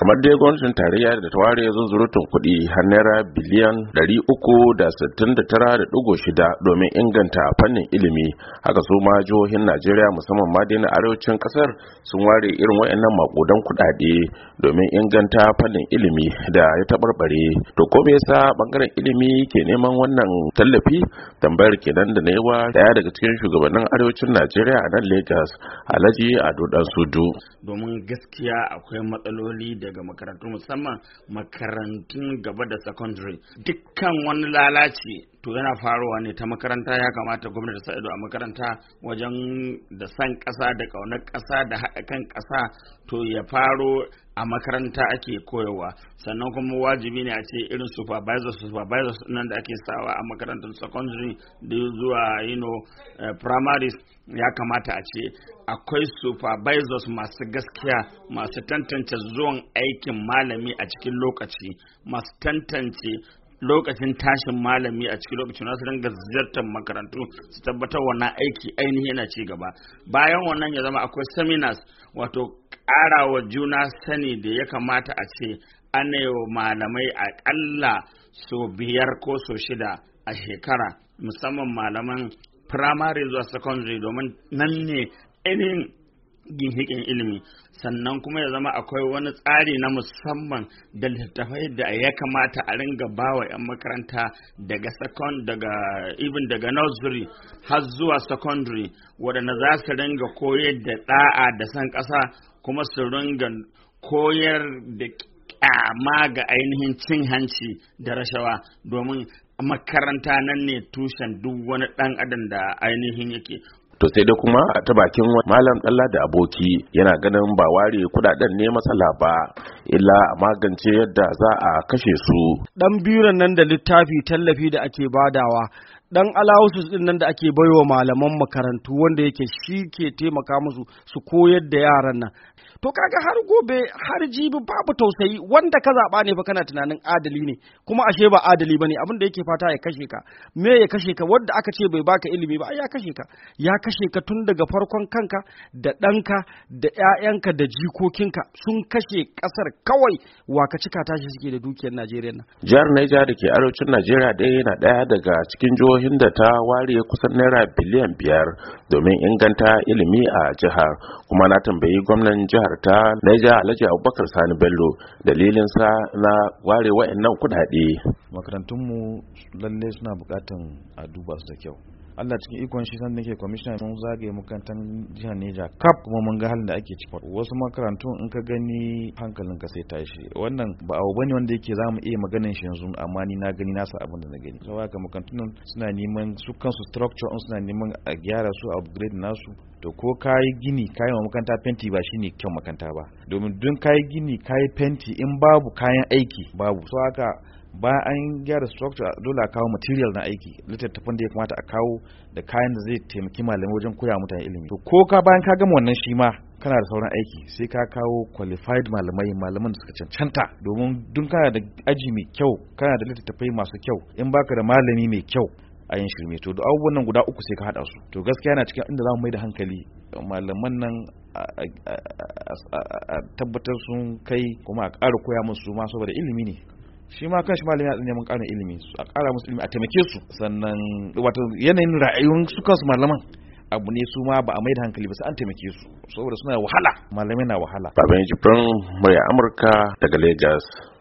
kamar dai gwamnatin tarayya da ta ware zunzurutun kuɗi har naira biliyan shida domin inganta fannin ilimi haka su ma jihohin najeriya musamman ma dai na arewacin kasar sun ware irin wayannan makudan kuɗaɗe domin inganta fannin ilimi da ya taɓarɓare to ko me yasa ɓangaren ilimi ke neman wannan tallafi tambayar kenan da na daya daga cikin shugabannin arewacin najeriya a nan lagos alhaji ado dodon sudu domin gaskiya akwai matsaloli da daga makarantu musamman makarantun gaba da secondary dukkan wani lalaci to yana faruwa ne ta makaranta ya kamata gwamnati sa ido a makaranta wajen da san ƙasa da ƙaunar ƙasa da haɗa kan ƙasa to ya faro a makaranta ake koyarwa sannan kuma wajibi ne a ce irin supervisors supervisors nan da ake sawa a makarantar secondary da zuwa you eh, primaries ya kamata a ce akwai supervisors masu gaskiya masu tantance zuwan aikin malami a cikin lokaci masu tantance lokacin tashin malami a cikin lokacin nasu dinga ziyartar makarantu su tabbatar wannan aiki ainihi yana ci gaba bayan wannan ya zama akwai seminars wato ƙarawa juna sani da ya kamata a ce ana yi wa malamai aƙalla so biyar ko so shida a shekara musamman malaman firamare zuwa secondary domin nan ne ainihin ginhikin ilimi sannan kuma ya zama akwai wani tsari na musamman da littattafai da ya kamata a ringa bawa 'yan makaranta daga second daga even daga nursery har zuwa secondary waɗanda za su ringa koyar da ɗa'a da san ƙasa kuma su ringa koyar da ƙyama ga ainihin cin hanci da rashawa domin makaranta nan ne tushen duk wani ɗan adam da ainihin yake to sai dai kuma ta bakin malam dalla da aboki yana ganin ba ware kudaden ne matsala ba illa a magance yadda za a kashe su dan biran nan da littafi tallafi da ake badawa dan alawusus din nan da ake baiwa malaman makarantu wanda yake shi ke taimaka musu su koyar da yaran nan to kaga har gobe har jibi babu tausayi wanda ka zaba ne fa kana tunanin adali ne kuma ashe ba adali bane abin da yake fata ya kashe ka me ya kashe ka wanda aka ce bai baka ilimi ba ya kashe ka ya kashe ka tun daga farkon kanka da ɗanka da ƴaƴanka da jikokinka sun kashe ƙasar kawai waka cika tashi suke da dukiyar Najeriya nan jihar Niger da ke arewacin Najeriya ɗaya yana ɗaya daga cikin jihohin da ta ware kusan naira biliyan biyar domin inganta ilimi a jihar kuma na tambayi gwamnan jihar jihar ta Naija Alhaji Abubakar Sani Bello dalilin sa na ware wa'annan kudade makarantunmu lalle suna bukatan a duba su da kyau Allah cikin ikon shi san nake commissioner mun zage makarantar jihar Neja kap kuma mun ga halin da ake ciki wasu makarantu in ka gani hankalin ka sai tashi wannan ba abu bane wanda yake zamu iya maganin shi yanzu amma ni na gani na sa abin da na gani saboda haka makarantun suna neman su kansu structure suna neman a gyara su upgrade nasu to ko kayi gini kayi ma makaranta fenti ba shine kyau makaranta ba domin dun kayi gini kayi fenti in babu kayan aiki babu so haka ba an gyara structure dole a kawo material na aiki littattafan da ya kamata a kawo da kayan da zai taimaki malamai wajen koya mutane ilimi to ko ka bayan ka gama wannan shi ma kana da sauran aiki sai ka kawo qualified malamai malaman da suka cancanta domin dun kana da aji mai kyau kana da littattafai masu kyau in baka da malami mai kyau a yin shirme to da abubuwan nan guda uku sai ka hada su to gaskiya yana cikin inda za mu mai da hankali malaman nan a tabbatar sun kai kuma a ƙara koya musu ma saboda ilimi ne shi ma shi malami ya mun ƙarin ilimi a ƙara musu ilimi a taimake su sannan wato yanayin ra'ayoyin su kansu malaman abu ne su ma ba a mai da hankali ba sai an taimake su saboda suna wahala malamai na wahala baban jibrin mai amurka daga lagos